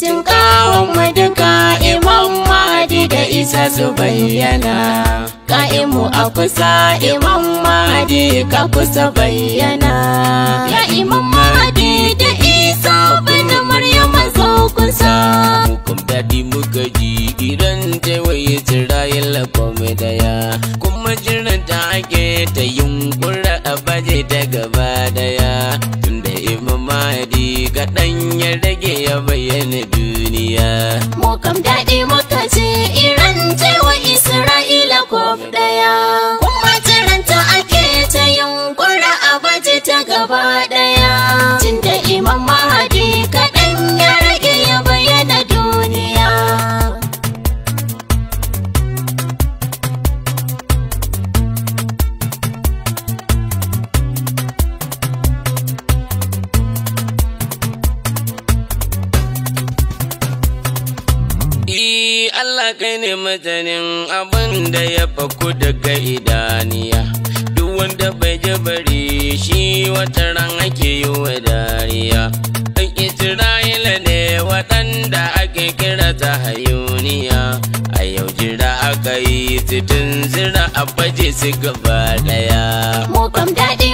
Tinkawan maduka imam mahadi da isa su bayyana. Ka'imu a kusa imam mahadi ka kusa bayyana. Ya imam mahadi da isa bana murya zo kusa. Hukum daɗi muka ji iran taiwaye jira ya lafa mai daya. Kuma jiran ta ake ta yunkura a baje ta gaba. kam daɗi muka ce Iran ce wa Isra'ila kof ɗaya. I Allah kai ne majanin abin da ya faku daga idaniya Duk wanda bai ji bari shi wata ran ake yi wa dariya Ɗan Isra'ila ne waɗanda ake kira ta hayuniya A yau jira aka yi titin zira a baje su gaba ɗaya Mukam daɗi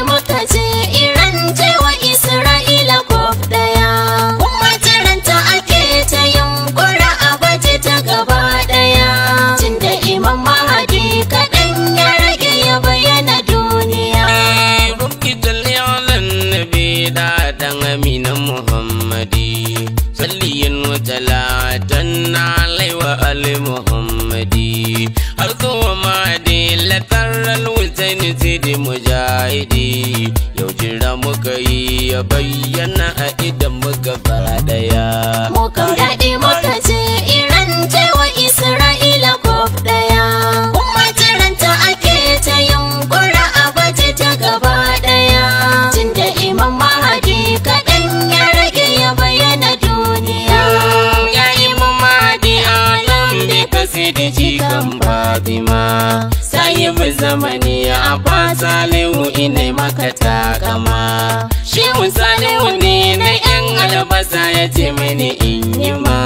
أرض مادي لترى الوزن سيدي mujahidi yau jira muka yi ya bayyana a idan muka fara daya. Mukan daɗe muka ce Iran ce wa Isra'ila kof daya. Kuma ta ake ta yunkura a baje ta gaba daya. Tun da Imam Mahadi kaɗan ya rage ya bayyana duniya. Ya Imam Mahadi alam bi ji. malam Fatima sahibu zamani a ba ina maka takama shehu salihu ne na yan albasa ya ce mini in yi ma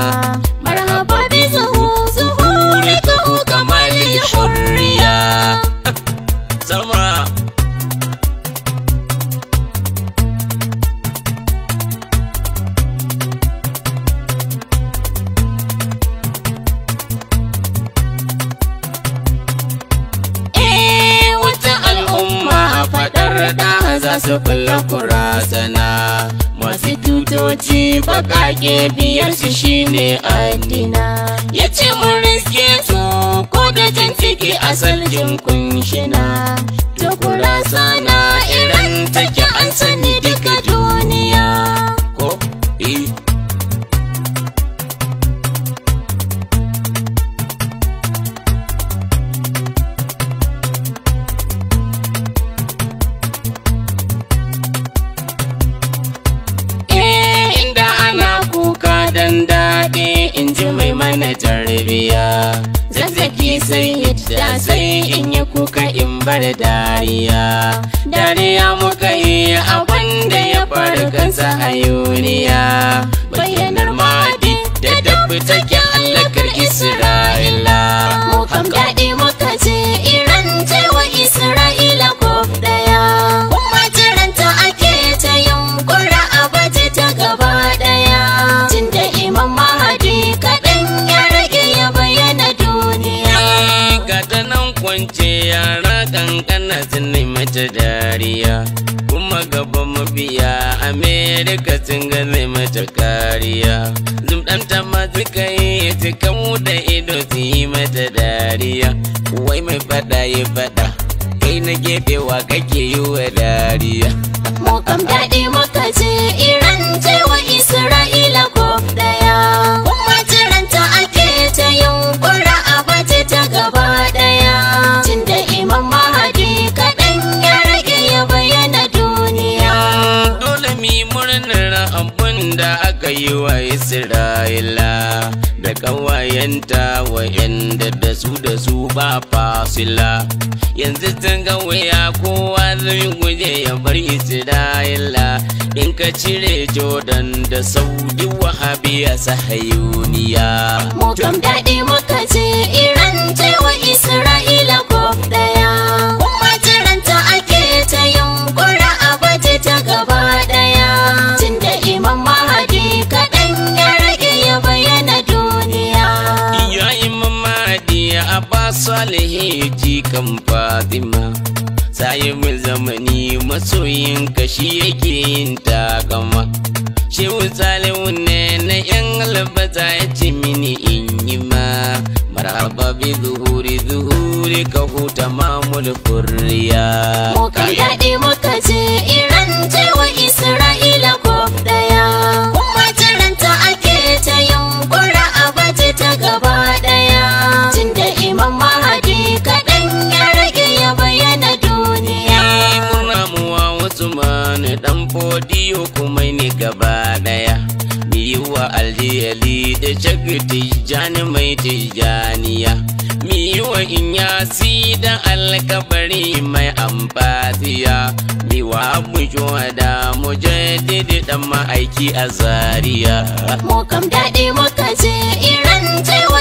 za su kulla kurasana masu tutoci bakake biyar su shine adina. ya ce mun riske su ko da jan ciki asal jin kunshina ta kurasana irin take an sani duka tarbiya zazzaki sai yadda sai in yi kuka in bar dariya dariya muka yi abin da ya farka hayuniya ce yara kankana sun mace dariya kuma gaban mabiya amerika sun zai mata kariya zumɗanta ma suka yi suka da ido su yi mata dariya wai mai fada ya fada kai na gefewa kake yi wa dariya mokam daɗi maka ce iran cewa isra'ila abun da aka yi wa isra'ila da ƙawayenta wa'yanda da su da su ba fasila yanzu tun ga wuya kowa zai guje ya bar isra'ila in ka cire jordan da saudi wahabiya sahayuniya mutum daɗi muka ce irin salihi kan fatima sahibin zamani masoyin kashi yake yin takama shehu salihu ne na yan albata ya ce mini in yi ma marhaba bi zuhuri zuhuri ka huta mamul furriya mu daɗi biyu ne gaba daya wa aljiyali da shagar jani mai wa miwa inyasi da alkabari mai amfatiya miwa bujo da mujaddidi dan ma'aiki a zariya mu kam daɗi muka ce iran cewa